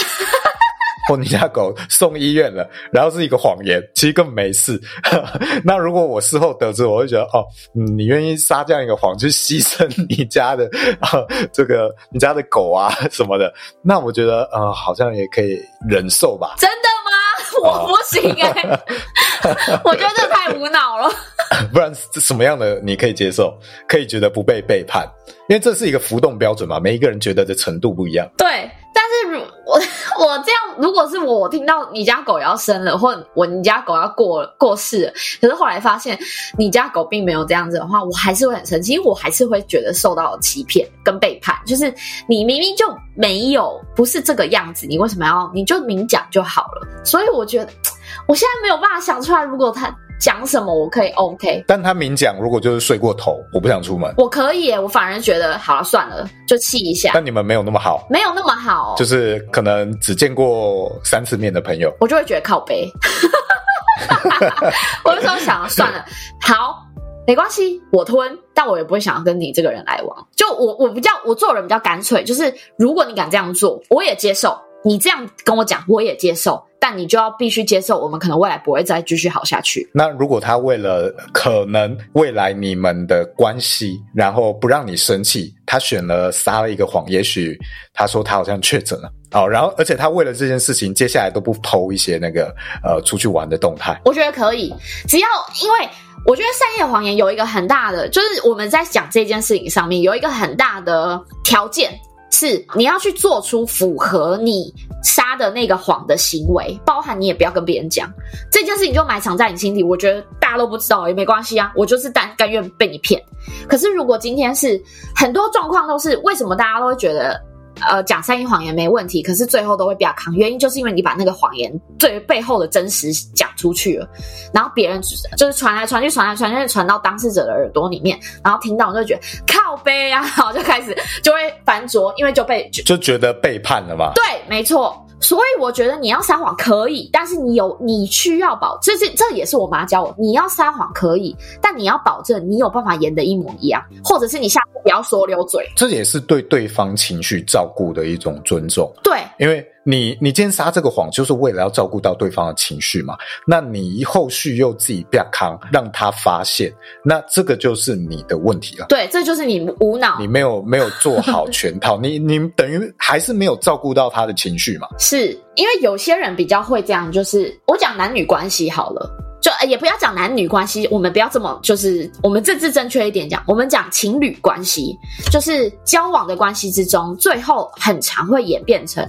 <laughs> 或你家狗送醫院了，然後是一個謊言，其實根本沒事。 <laughs> 那如果我事後得知我，我會覺得哦、嗯，你願意撒這樣一個謊，去犧牲你家的、呃、這個你家的狗啊什麼的，那我覺得呃，好像也可以忍受吧。真的嗎？我不行哎、欸。哦 <laughs> <laughs> 我覺得這太無腦了 <laughs> 不然這什麼樣的你可以接受，可以覺得不被背叛？因為這是一個浮動標準嘛，每一個人覺得這程度不一樣。對，但是如我我這樣。如果是我聽到你家狗要生了，或我你家狗要過了過世了，可是後來發現你家狗並沒有這樣子的話，我還是會很生氣，因為我還是會覺得受到了欺騙跟背叛。就是你明明就沒有，不是這個樣子，你為什麼要？你就明講就好了。所以我覺得我現在沒有辦法想出來，如果他。講什麼我可以 OK，但他明講，如果就是睡過頭，我不想出門，我可以耶，我反而覺得好了，啊，算了，就氣一下。但你們沒有那麼好，沒有那麼好，就是可能只見過三次面的朋友，我就會覺得靠北， <laughs> <laughs> <laughs> <laughs> 我就說我想要 <laughs> 算了，好，沒關係，我吞，但我也不會想要跟你這個人來往。就我，我比較，我做人比較乾脆，就是如果你敢這樣做，我也接受。你這樣跟我講，我也接受，但你就要必須接受，我們可能未來不會再繼續好下去。那如果他為了可能未來你們的關係，然後不讓你生氣，他選了撒了一個謊，也許他說他好像確診了，好、哦。然後而且他為了這件事情，接下來都不剖一些那個呃出去玩的動態。我覺得可以，只要因為我覺得善意的謊言有一個很大的，就是我們在講這件事情上面有一個很大的條件。是，你要去做出符合你撒的那個謊的行為，包含你也不要跟別人講這件事情，就埋藏在你心底。我覺得大家都不知道也沒關係啊，我就是但甘願被你騙。可是如果今天是很多狀況都是，為什麼大家都會覺得？呃，講善意謊言沒問題，可是最後都會比較扛，原因就是因為你把那個謊言最背後的真實講出去了，然後別人就是、就是傳來傳去傳來傳去傳到當事者的耳朵裡面，然後聽到我就覺得靠背啊，然後就開始就會煩着，因為就被就覺得背叛了嘛。對，沒錯。所以我覺得你要撒謊可以，但是你有你需要保，這是這也是我媽教我，你要撒謊可以，但你要保證你有辦法演的一模一樣，或者是你下次不要說溜嘴，這也是對對方情緒照顧的一種尊重。對，因為。你你今天撒這個謊就是為了要照顧到對方的情緒嘛？那你一後續又自己憋康讓他發現，那這個就是你的問題了。對，這就是你無腦，你沒有沒有做好全套， <laughs> 你你等於還是沒有照顧到他的情緒嘛？是因為有些人比較會這樣，就是我講男女關係好了。就也不要講男女關係，我們不要這麼就是我們政治正確一點講，我們講情侶關係，就是交往的關係之中，最後很常會演變成，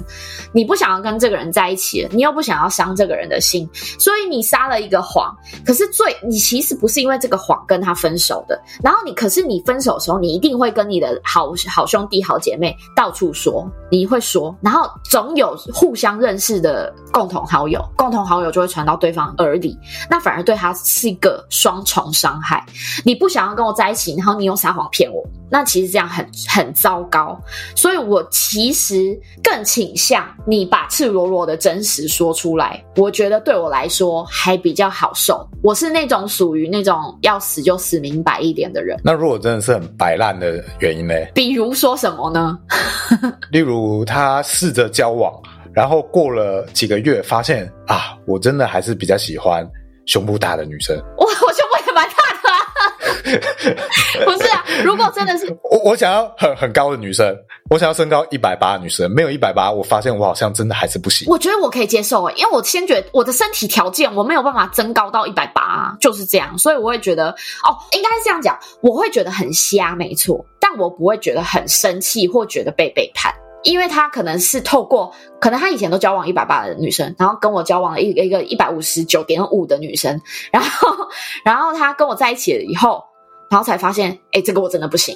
你不想要跟這個人在一起了，你又不想要傷這個人的心，所以你撒了一個謊。可是最你其實不是因為這個謊跟他分手的，然後你可是你分手的時候，你一定會跟你的好好兄弟好姐妹到處說，你會說，然後總有互相認識的共同好友，共同好友就會傳到對方耳裡，那。反而對他是一個雙重傷害。你不想要跟我在一起，然後你又撒謊騙我，那其實這樣很很糟糕。所以我其實更傾向你把赤裸裸的真實說出來。我覺得對我來說還比較好受。我是那種屬於那種要死就死明白一點的人。那如果真的是很白爛的原因呢？比如說什麼呢？ <laughs> 例如他試着交往，然後過了幾個月，發現啊，我真的還是比較喜歡。胸部大的女生，我我胸部也蠻大的，啊， <laughs> 不是啊？如果真的是我，我想要很很高的女生，我想要身高一百八的女生，沒有一百八，我發現我好像真的還是不行。我覺得我可以接受誒、欸，因為我先覺得我的身體條件我沒有辦法增高到一百八，就是這樣，所以我會覺得哦，應該是這樣講，我會覺得很瞎，沒錯，但我不會覺得很生氣或覺得被背叛。因為他可能是透過，可能他以前都交往一百八的女生，然後跟我交往了一一個一百五十九點五的女生，然後然後他跟我在一起了以後，然後才發現，哎、欸，這個我真的不行，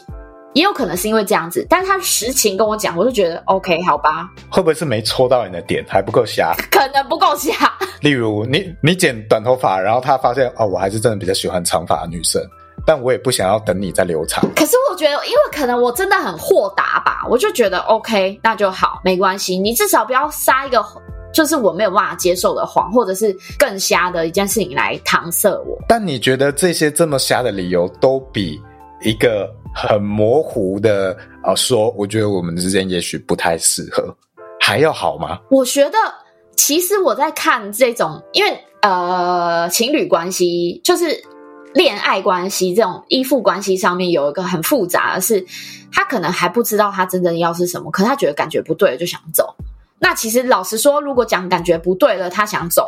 也有可能是因為這樣子，但他實情跟我講，我就覺得，OK，好吧。會不會是沒戳到你的點，還不夠瞎，可能不夠瞎，例如你你剪短頭髮，然後他發現，哦，我還是真的比較喜歡長髮的女生。但我也不想要等你再流產。可是我覺得，因為可能我真的很豁達吧，我就覺得 OK，那就好，沒關係。你至少不要撒一個就是我沒有辦法接受的謊，或者是更瞎的一件事情來搪塞我。但你覺得這些這麼瞎的理由，都比一個很模糊的啊說，我覺得我們之間也許不太適合，還要好嗎？我覺得，其實我在看這種，因為呃，情侶關係就是。戀愛關係這種依附關係上面有一個很複雜的是，他可能還不知道他真正要是什麼，可他覺得感覺不對了就想走。那其實老實說，如果講感覺不對了他想走，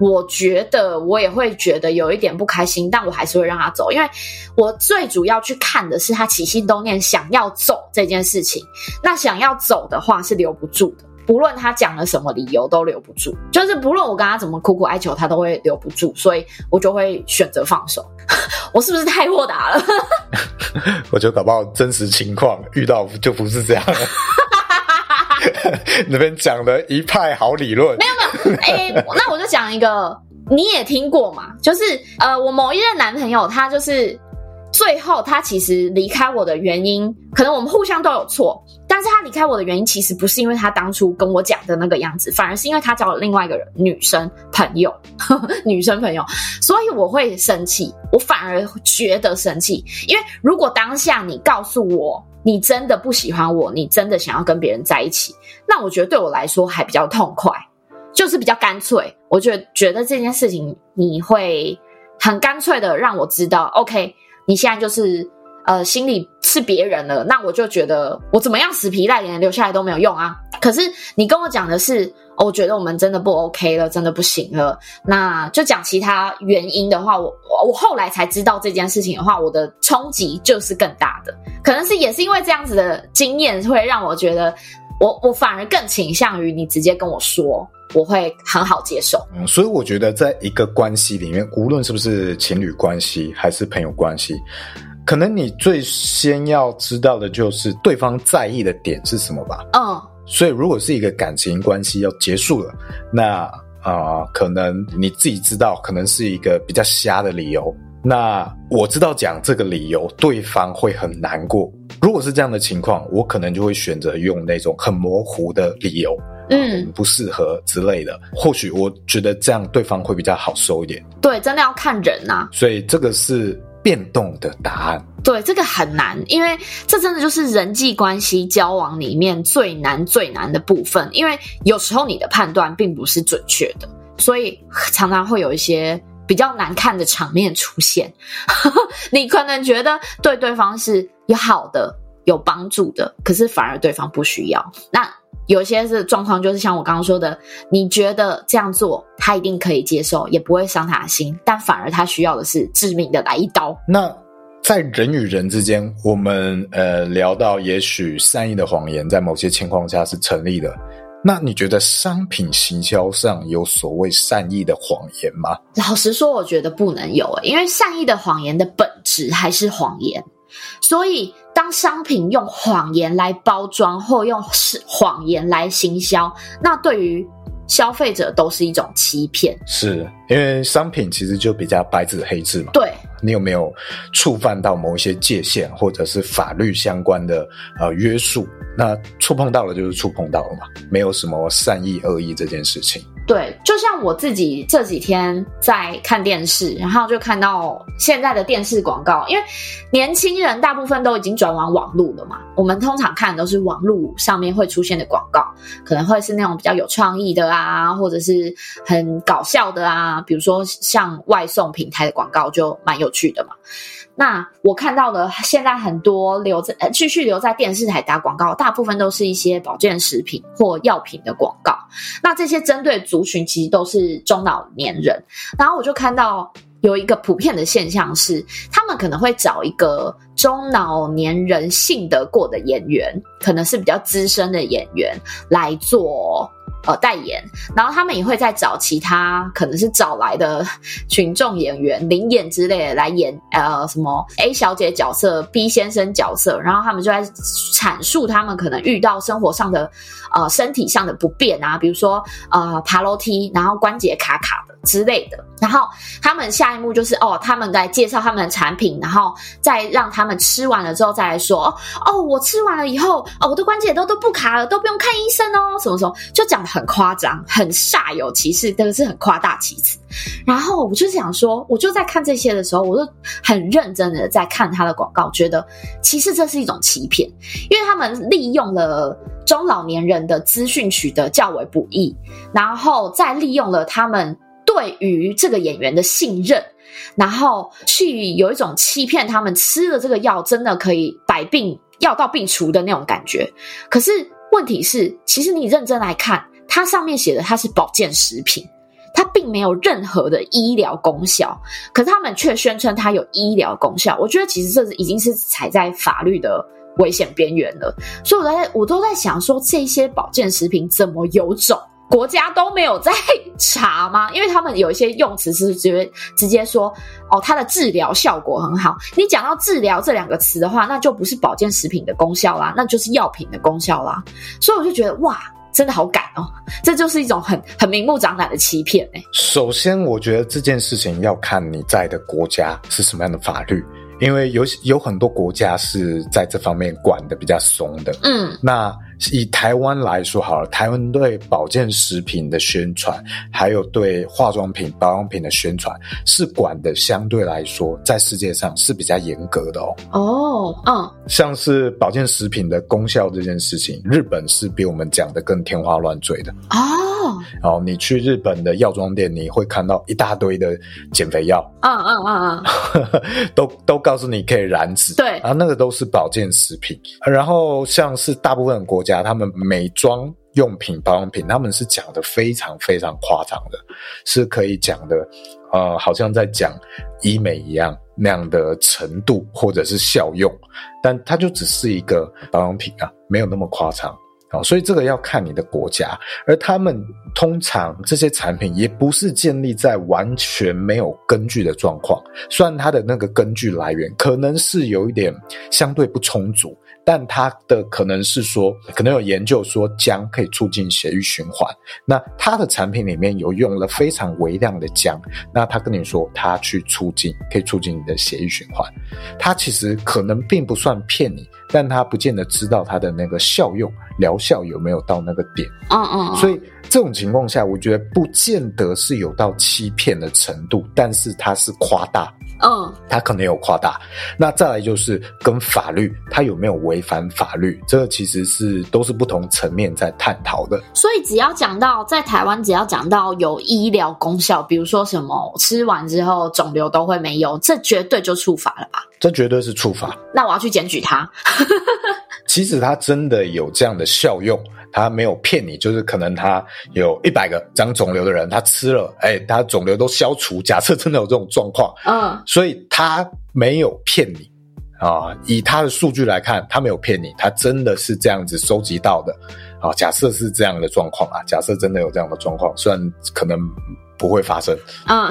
我覺得我也會覺得有一點不開心，但我還是會讓他走，因為我最主要去看的是他起心動念想要走這件事情。那想要走的話是留不住的。不論他講了什麼理由，都留不住。就是不論我跟他怎麼苦苦哀求，他都會留不住，所以我就會選擇放手。 <laughs> 我是不是太豁達了？ <laughs> 我覺得搞不好真實情況遇到就不是這樣了。那邊講了一派好理論， <laughs> 沒有沒有。欸、那我就講一個你也聽過嘛，就是呃，我某一任男朋友他就是。最後，他其實離開我的原因，可能我們互相都有錯。但是他離開我的原因，其實不是因為他當初跟我講的那個樣子，反而是因為他找了另外一個人女生朋友呵呵，女生朋友，所以我會生氣，我反而覺得生氣。因為如果當下你告訴我，你真的不喜歡我，你真的想要跟別人在一起，那我覺得對我來說還比較痛快，就是比較乾脆。我就覺得這件事情，你會很乾脆的讓我知道，OK。你現在就是，呃，心裡是別人了，那我就覺得我怎麼樣死皮賴臉留下來都沒有用啊。可是你跟我講的是，哦，我覺得我們真的不 OK 了，真的不行了。那就講其他原因的話，我我後來才知道這件事情的話，我的衝擊就是更大的，可能是也是因為這樣子的經驗會讓我覺得。我我反而更傾向於你直接跟我說，我會很好接受。嗯，所以我覺得在一個關係裡面，無論是不是情侶關係還是朋友關係，可能你最先要知道的就是對方在意的點是什麼吧。嗯，所以如果是一個感情關係要結束了，那啊，嗯，可能你自己知道，可能是一個比較瞎的理由。那我知道講這個理由，對方會很難過。如果是這樣的情況，我可能就會選擇用那種很模糊的理由，嗯，啊、不適合之類的。或許我覺得這樣對方會比較好受一點。對，真的要看人啊。所以這個是變動的答案。對，這個很難，因為這真的就是人際關係交往裡面最難最難的部分。因為有時候你的判斷並不是準確的，所以常常會有一些。比較難看的場面出現， <laughs> 你可能覺得對對方是有好的、有幫助的，可是反而對方不需要。那有些是狀況，狀況就是像我剛剛說的，你覺得這樣做他一定可以接受，也不會傷他的心，但反而他需要的是致命的來一刀。那在人與人之間，我們呃聊到，也許善意的謊言在某些情況下是成立的。那你覺得商品行銷上有所謂善意的謊言嗎？老實說，我覺得不能有誒、欸，因為善意的謊言的本質還是謊言，所以當商品用謊言來包裝或用是謊言來行銷，那對於消費者都是一種欺騙。是，因為商品其實就比較白紙黑字嘛。對。你有沒有觸犯到某一些界限，或者是法律相關的呃約束？那觸碰到了就是觸碰到了嘛，沒有什麼善意惡意這件事情。對，就像我自己這幾天在看電視，然後就看到現在的電視廣告，因為年輕人大部分都已經轉往網絡了嘛。我們通常看的都是網絡上面會出現的廣告，可能會是那種比較有創意的啊，或者是很搞笑的啊。比如說像外送平台的廣告就蠻有趣的嘛。那我看到了現在很多留在、呃、繼續留在電視台打廣告，大部分都是一些保健食品或藥品的廣告。那這些針對族群其實都是中老年人。然後我就看到有一個普遍的現象是，他們可能會找一個中老年人信得過的演員，可能是比較資深的演員來做。呃，代言，然後他們也會再找其他可能是找來的群眾演員、臨演之類的來演，呃，什麼 A 小姐角色、B 先生角色，然後他們就在闡述他們可能遇到生活上的、呃，身體上的不便啊，比如說呃，爬樓梯然後關節卡卡。之類的，然後他們下一幕就是哦，他們來介紹他們的產品，然後再讓他們吃完了之後再來說哦，哦，我吃完了以後，哦，我的關節都都不卡了，都不用看醫生哦，什麼什麼，就講得很誇張，很煞有其事，真的是很誇大其詞。然後我就是想說，我就在看這些的時候，我就很認真的在看他的廣告，覺得其實這是一種欺騙，因為他們利用了中老年人的資訊取得較為不易，然後再利用了他們。對於這個演員的信任，然後去有一種欺騙他們吃了這個藥真的可以百病藥到病除的那種感覺。可是問題是，其實你認真來看，它上面寫的，它是保健食品，它並沒有任何的醫療功效。可是他們卻宣稱它有醫療功效，我覺得其實這是已經是踩在法律的危險邊緣了。所以我在我都在想說，這些保健食品怎麼有種？國家都沒有在查嗎？因為他們有一些用詞是直接直接說，哦，它的治療效果很好。你講到治療這兩個詞的話，那就不是保健食品的功效啦，那就是藥品的功效啦。所以我就覺得哇，真的好敢哦、喔，這就是一種很很明目張膽的欺騙欸。首先，我覺得這件事情要看你在的國家是什麼樣的法律。因為有有很多國家是在這方面管得比較鬆的，嗯，那以台灣來說好了，台灣對保健食品的宣傳，還有對化妝品、保養品的宣傳，是管得相對來說在世界上是比較嚴格的哦。哦，嗯，像是保健食品的功效這件事情，日本是比我們講得更天花亂墜的哦。哦，你去日本的藥妝店，你會看到一大堆的減肥藥，嗯嗯嗯嗯，嗯 <laughs> 都都告訴你可以燃脂，對，然後那個都是保健食品。然後像是大部分的國家，他們美妝用品、保養品，他們是講的非常非常誇張的，是可以講的，呃，好像在講醫美一樣那樣的程度或者是效用，但它就只是一個保養品啊，沒有那麼誇張。所以這個要看你的國家，而他們通常這些產品也不是建立在完全沒有根據的狀況。雖然它的那個根據來源可能是有一點相對不充足，但它的可能是說，可能有研究說薑可以促進血液循環。那它的產品裡面有用了非常微量的薑，那他跟你說他去促進，可以促進你的血液循環，它其實可能並不算騙你，但他不見得知道它的那個效用。療效有沒有到那個點？嗯嗯，所以這種情況下，我覺得不見得是有到欺騙的程度，但是它是誇大。嗯，他可能有誇大。那再來就是跟法律，他有沒有違反法律？這個其實是都是不同層面在探討的。所以只要講到在台灣，只要講到有醫療功效，比如說什麼吃完之後腫瘤都會沒有，這絕對就處罰了吧？這絕對是處罰。那我要去檢舉他。 <laughs> 其實他真的有這樣的效用。他沒有騙你，就是可能他有一百個長腫瘤的人，他吃了，哎、欸，他腫瘤都消除。假設真的有這種狀況，啊、嗯，所以他沒有騙你啊、呃，以他的數據來看，他沒有騙你，他真的是這樣子收集到的啊、呃。假設是這樣的狀況啊，假設真的有這樣的狀況，雖然可能不會發生，啊、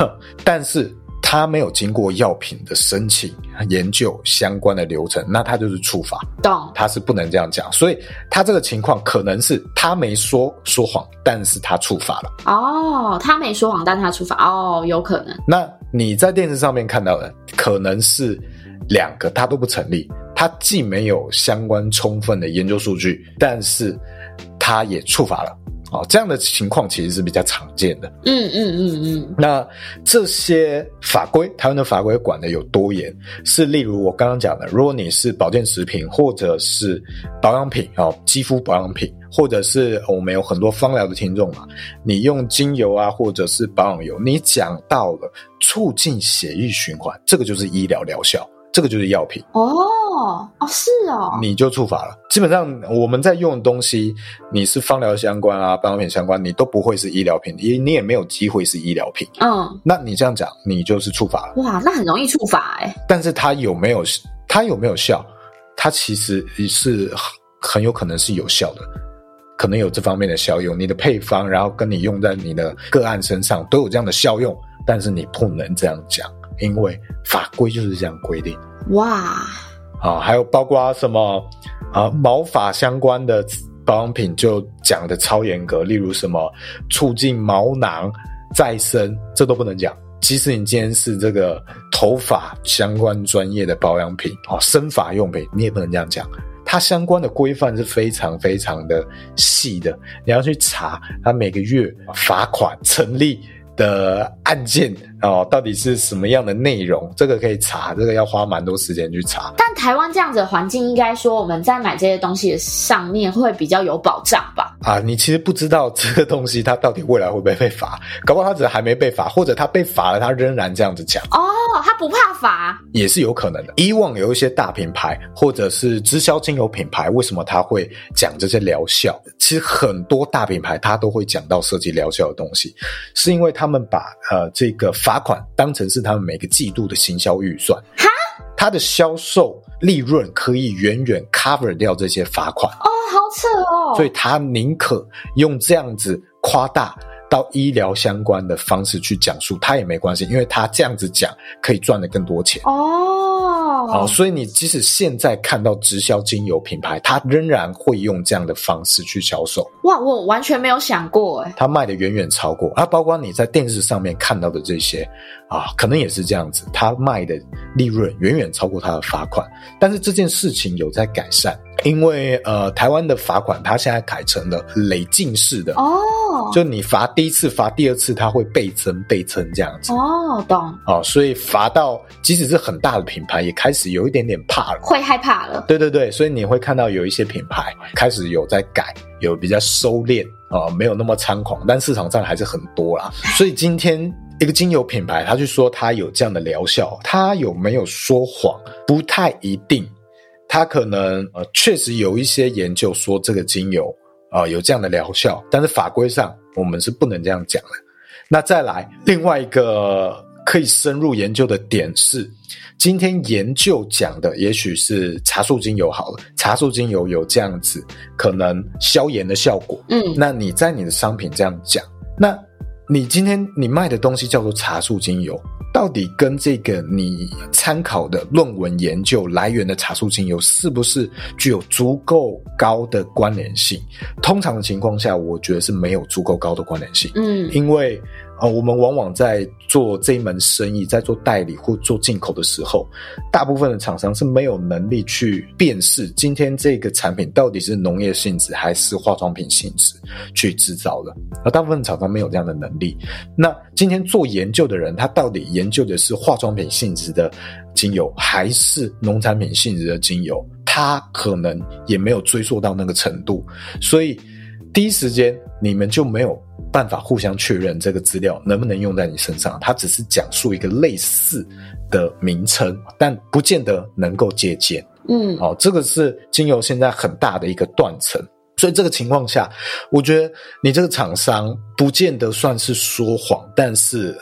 嗯， <laughs> 但是他沒有經過藥品的申請。研究相關的流程，那他就是觸發。懂？他是不能這樣講，所以他這個情況可能是他沒說說謊，但是他觸發了。哦，他沒說謊，但他觸發，哦，有可能。那你在電視上面看到的可能是兩個，他都不成立。他既沒有相關充分的研究數據，但是他也觸發了。啊、哦，這樣的情況其實是比較常見的。嗯嗯嗯嗯。那這些法規，台灣的法規管得有多嚴？是例如我剛剛講的，如果你是保健食品或者是保養品啊、哦，肌膚保養品，或者是我們、哦、有很多芳療的聽眾嘛、啊，你用精油啊，或者是保養油，你講到了促進血液循環，這個就是醫療療效。這個就是藥品哦，哦是哦，你就觸發了。基本上我們在用的東西，你是芳療相關啊，保養品相關，你都不會是醫療品，你你也沒有機會是醫療品。嗯，那你這樣講，你就是觸發了。哇，那很容易觸發哎。但是它有沒有效？它有沒有效？它其實也是很很有可能是有效的，可能有這方面的效用。你的配方，然後跟你用在你的個案身上都有這樣的效用，但是你不能這樣講。因為法規就是這樣規定。哇，啊，還有包括什麼啊毛髮相關的保養品就講得超嚴格，例如什麼促進毛囊再生，這都不能講。即使你今天是這個頭髮相關專業的保養品啊，生髮用品，你也不能這樣講。它相關的規範是非常非常的細的，你要去查，它每個月罰款成立的案件哦，到底是什麼樣的內容？這個可以查，這個要花蠻多時間去查。但台灣這樣子的環境，應該說我們在買這些東西上面會比較有保障吧？啊，你其實不知道這個東西它到底未來會不會被罰，搞不好它只是還沒被罰，或者它被罰了，它仍然這樣子講。哦哦，他不怕罰也是有可能的。以往有一些大品牌或者是直銷精油品牌，為什麼他會講這些療效？其實很多大品牌他都會講到涉及療效的東西，是因為他們把呃這個罰款當成是他們每個季度的行銷預算。哈，他的銷售利潤可以遠遠 cover 掉這些罰款。哦，好扯哦！所以，他寧可用這樣子誇大到醫療相關的方式去講述，他也沒關係，因為他這樣子講可以賺得更多錢哦。好，所以你即使現在看到直銷精油品牌，他仍然會用這樣的方式去銷售。哇，我完全沒有想過，哎，他賣的遠遠超過，啊，包括你在電視上面看到的這些。啊，可能也是這樣子，他賣的利潤遠遠超過他的罰款，但是這件事情有在改善，因為呃，台灣的罰款他現在改成了累進式的哦，就你罰第一次，罰第二次，它會倍增倍增這樣子哦，懂哦、啊，所以罰到即使是很大的品牌也開始有一點點怕了，會害怕了，對對對，所以你會看到有一些品牌開始有在改，有比較收斂啊，沒有那麼猖狂，但市場上還是很多啦，所以今天。 <laughs> 一個精油品牌，他去說他有這樣的療效，他有沒有說謊？不太一定，他可能呃確實有一些研究說這個精油啊，呃，有這樣的療效，但是法規上我們是不能這樣講的。那再來另外一個可以深入研究的點是，今天研究講的也許是茶樹精油好了，茶樹精油有這樣子可能消炎的效果，嗯，那你在你的商品這樣講，那。你今天你賣的東西叫做茶樹精油，到底跟這個你參考的論文研究來源的茶樹精油是不是具有足夠高的關聯性？通常的情況下，我覺得是沒有足夠高的關聯性，嗯，因為。啊、呃，我們往往在做這一門生意，在做代理或做進口的時候，大部分的廠商是沒有能力去辨識今天這個產品到底是農業性質還是化妝品性質去制造的。而大部分廠商沒有這樣的能力。那今天做研究的人，他到底研究的是化妝品性質的精油還是農產品性質的精油？他可能也沒有追溯到那個程度，所以。第一時間，你們就沒有辦法互相確認這個資料能不能用在你身上。它只是講述一個類似的名稱，但不見得能夠借鑑。嗯，哦，這個是精油現在很大的一個斷層。所以這個情況下，我覺得你這個廠商不見得算是說謊，但是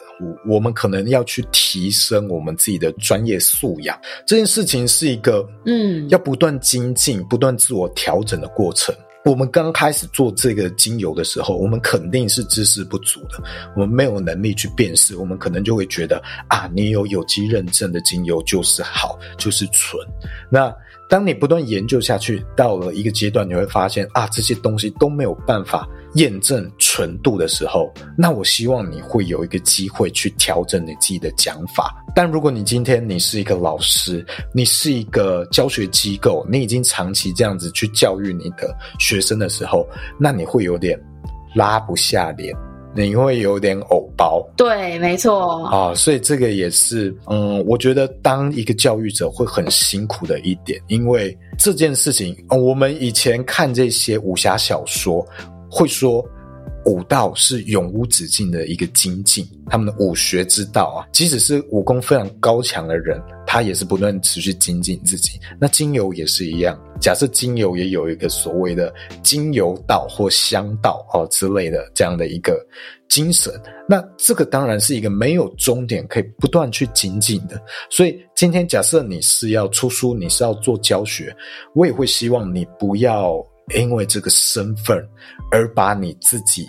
我我們可能要去提升我們自己的專業素養。這件事情是一個嗯，要不斷精進、不斷自我調整的過程。我們剛開始做這個精油的時候，我們肯定是知識不足的，我們沒有能力去辨識，我們可能就會覺得啊，你有有機認證的精油就是好，就是純。那當你不斷研究下去，到了一個階段，你會發現啊，這些東西都沒有辦法驗證純度的時候，那我希望你會有一個機會去調整你自己的講法。但如果你今天你是一個老師，你是一個教學機構，你已經長期這樣子去教育你的學生的時候，那你會有點拉不下臉。你會有點偶包，對，沒錯啊，所以這個也是，嗯，我覺得當一個教育者會很辛苦的一點，因為這件事情，嗯，我們以前看這些武俠小說，會說武道是永無止境的一個精進，他們的武學之道啊，即使是武功非常高強的人，他也是不斷持續精進自己。那精油也是一樣，假設精油也有一個所謂的精油道或香道哦之類的這樣的一個精神，那這個當然是一個沒有終點，可以不斷去精進的。所以今天假設你是要出書，你是要做教學，我也會希望你不要因為這個身份而把你自己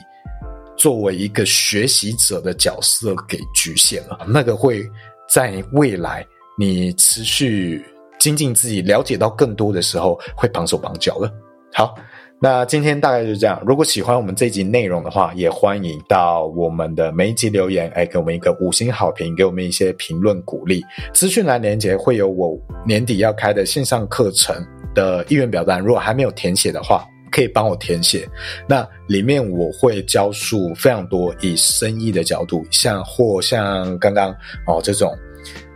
作為一個學習者的角色給局限了。那個會在未來。你持續精進自己，了解到更多的時候，會綁手綁腳了。好，那今天大概就這樣。如果喜歡我們這一集內容的話，也歡迎到我們的每一集留言，哎，給我們一個五星好評，給我們一些評論鼓勵。資訊欄連接會有我年底要開的線上課程的意願表單，如果還沒有填寫的話，可以幫我填寫。那裡面我會教書非常多，以生意的角度，像或像剛剛哦這種。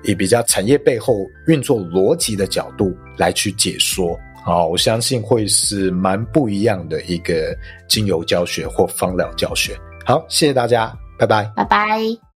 以比較產業背後運作邏輯的角度來去解說。好，我相信會是蠻不一樣的一個精油教學或芳療教學。好，謝謝大家，拜拜，拜拜。